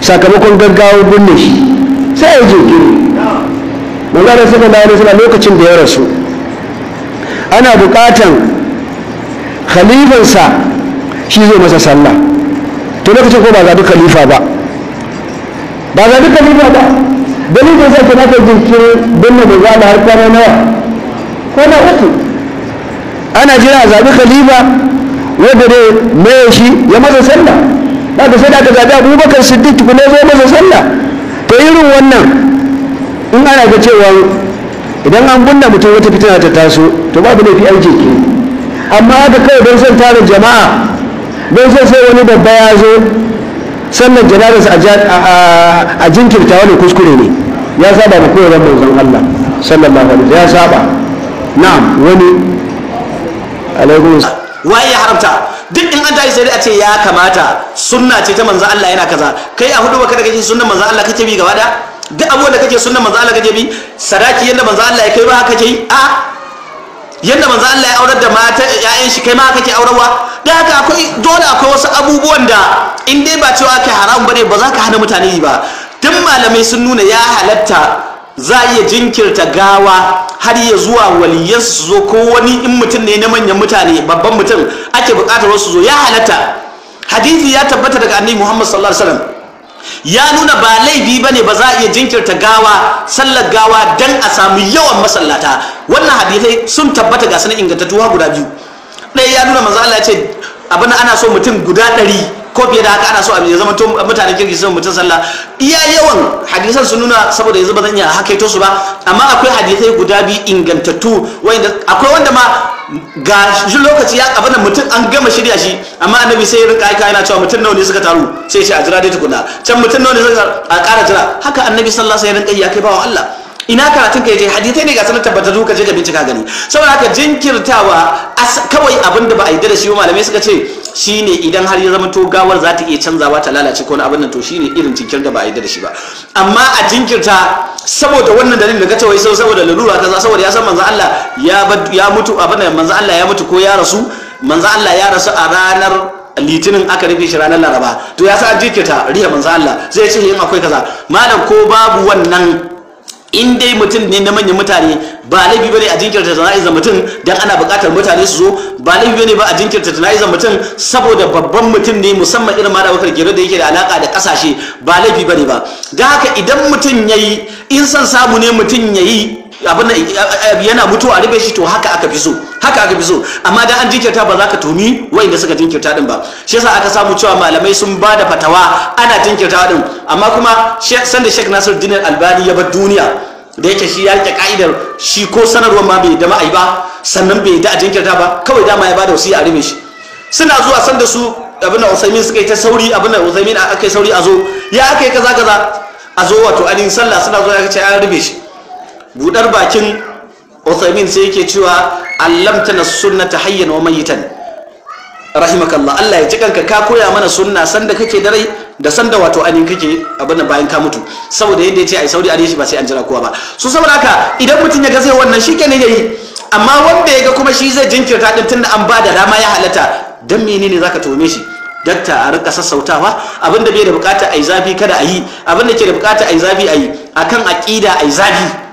sakamakon gaggawar binne shi sai ya je gini. Manzo Allah sallallahu alaihi suna lokacin da ya rasu ana bukatan khalifansa shi zai masa sallah to lokacin ko ba zaɓi khalifa ba ba zaɓi khalifa ba dalilin sai kuma ka jinkiri binne da za har kwana nawa na uku ana jira a zaɓi khalifa wanda dai mai shi ya masa sallah ba ka sai da aka zaɓi abubakar siddiq tukuna zo masa sallah to irin wannan in ana ga cewa idan an bunna mutum wata fitina ta taso to babu laifi an jeke amma haka kawai don son tare jama'a don son sai wani babba ya zo sannan su a jinkirta wani kuskure ne ya saba da zama zan Allah sallallahu alaihi ya saba na'am wani alaikum waye ya haramta duk in an tashi sai a ce ya kamata sunna ce ta manzon Allah yana kaza kai a hudu baka daga cikin sunnan manzon Allah kake bi gaba da duk abubuwan da kake sunan manzo Allah kake bi sadaki yanda manzo Allah ya kai ba haka kake a yanda manzo Allah ya aurar da mata yayin shi kai ma kake aurarwa da haka akwai dole akwai wasu abubuwan da in dai ba cewa kai haram bane ba za ka hana mutane yi ba duk malamai sun nuna ya halatta za a iya jinkirta gawa har ya zuwa waliyan su zo ko wani in mutum ne na manyan mutane babban mutum ake bukatar wasu zo ya halatta hadisi ya tabbata daga annabi Muhammad sallallahu alaihi wasallam ya nuna ba laifi ba ne ba za a iya jinkirta gawa sallar gawa dan a samu yawan masallata wannan hadisai sun tabbata ga sanin ingantattuwa guda biyu ɗaya ya nuna manzo Allah ya ce abin ana so mutum guda ɗari ko fiye da haka ana so a ya zama mutane kirki sun mutum sallah iya yawan hadisan sun nuna saboda yanzu ba zan iya hakaito su ba amma akwai hadisai guda biyu ingantattu wanda akwai wanda ma ga shi lokaci ya kafa da mutum an gama shirya shi amma annabi sai ya rinka aika yana cewa mutum nawa ne suka taru sai shi a jira dai tukuna can mutum nawa ne suka a ƙara jira haka annabi sallallahu alaihi wasallam ya rinka yi ya kai bawa Allah ina karatun ka je hadisi ne ga sanar tabbatar duka je ka bincika gani saboda haka jinkirtawa kawai abin da ba a yi da shi malamai suka ce shine idan har ya zama to gawar za ta iya canzawa ta lalace ko wani abin nan to shine irin jinkir da ba a yi da shi ba amma a jinkirta saboda wannan dalilin da ka ce wai saboda lalura kaza saboda ya san manzo Allah ya mutu abin nan manzo Allah ya mutu ko ya rasu manzo Allah ya rasu a ranar litinin aka rufe shi ranar laraba to ya sa jinkirta riya manzo Allah zai ce yin akwai kaza malam ko babu wannan in dai mutum ne na manyan mutane ba laifi bane a jinkirta jana'izar mutum dan ana bukatar mutane su zo ba laifi bane ba a jinkirta jana'izar mutum saboda babban mutum ne musamman irin ma da wakar gero da yake da alaka da kasashe ba laifi bane ba don haka idan mutum yayi in son samu ne mutum yayi abin yana mutuwa a rufe shi to haka aka fi so haka aka fi so amma da an jinkirta ba za ka tumi wa'inda suka jinkirta din ba shi yasa aka samu cewa malamai sun ba da fatawa ana jinkirta din amma kuma sanda Sheikh Nasir Dinar Albani ya bar duniya da yake shi ya rike ka'idar shi ko sanarwar ma bai da ma'ai ba sannan bai da a jinkirta ba kawai dama ya bada wasiya a rufe shi suna zuwa sanda su abin da Usaimin suka yi ta sauri abin da Usaimin aka yi sauri a zo ya aka yi kaza kaza a zo wato ainihin sallah suna zuwa ya ce an rufe shi budar bakin Uthaymin sai yake cewa tana sunnata hayyan wa mayitan rahimakallah Allah ya cikanka kanka ka koya mana sunna sanda kake da rai da sanda wato anin kake abin bayan ka mutu saboda yadda ya ce ai Saudi Arabia ba sai an jira kowa ba su saboda haka idan mutum ya ga sai wannan shikenan yayi amma wanda ya ga kuma shi zai jinkirta din tunda an ba da dama ya halata dan menene zaka tuhume shi datta a rika sassautawa abinda bai da bukata ai zafi kada a abinda ke da bukata ai zafi a akan aqida ai zafi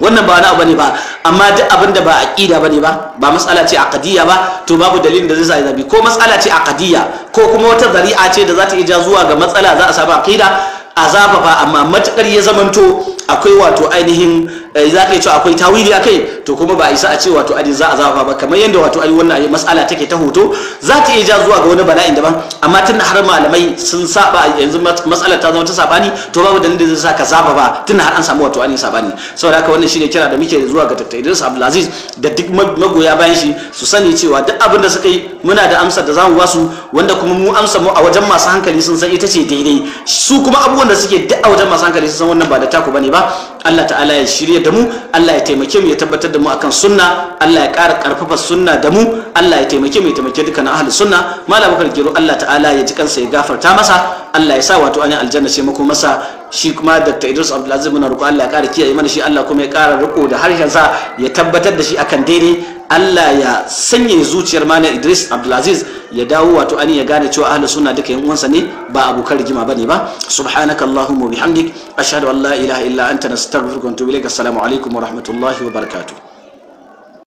wannan ba wani abu ne ba amma duk abin da ba a bane ba ne ba ba matsala ce a aqdiyya ba to babu dalilin da zai sa zabi ko matsala ce aqdiyya ko kuma wata zari'a ce da za ta ija zuwa ga matsala za a samu aqida azaba ba amma matakar ya zamanto akwai wato ainihin eh, za ka yi cewa akwai tawili a kai to kuma ba isa a ce wato ani za a zafa ba kamar yadda wato ani wannan mas'ala take ta hoto za ta iya ja zuwa ga wani bala'in daban amma tunda har malamai sun saba yanzu mas'alar ta zama ta sabani to babu dalilin da zai sa ka zafa ba tunda har an samu wato ani sabani saboda haka wannan shine kira da muke zuwa ga Dr. Idris Abdulaziz da duk magoya bayan shi su sani cewa duk abin da suka yi muna da amsar da zamu ba su wanda kuma mu amsa mu a wajen masu hankali sun san ita ce daidai su kuma abubuwan da suke duk a wajen masu hankali sun san wannan ba da taku bane ba ba Allah ta'ala ya shirya da mu Allah ya taimake mu ya tabbatar da mu akan sunna Allah ya ƙara ƙarfafa sunna da mu Allah ya taimake mu ya taimake dukkan ahli sunna malam bakar giro Allah ta'ala ya ji kansa ya gafarta masa Allah ya sa wato an aljanna ce mako masa shi kuma Dr. Idris Abdulaziz muna roƙo Allah ya ƙara kiyaye mana shi Allah kuma ya ƙara riko da harshen sa ya tabbatar da shi akan daidai Allah ya sanya zuciyar mana Idris Abdulaziz ya dawo wato ani ya gane cewa ahlus sunna duka yan uwansa ne ba abokan rigima bane ba subhanaka allahumma bihamdik ashhadu an la ilaha illa anta nastaghfiruka wa atubu ilaik assalamu alaikum wa rahmatullahi wa barakatuh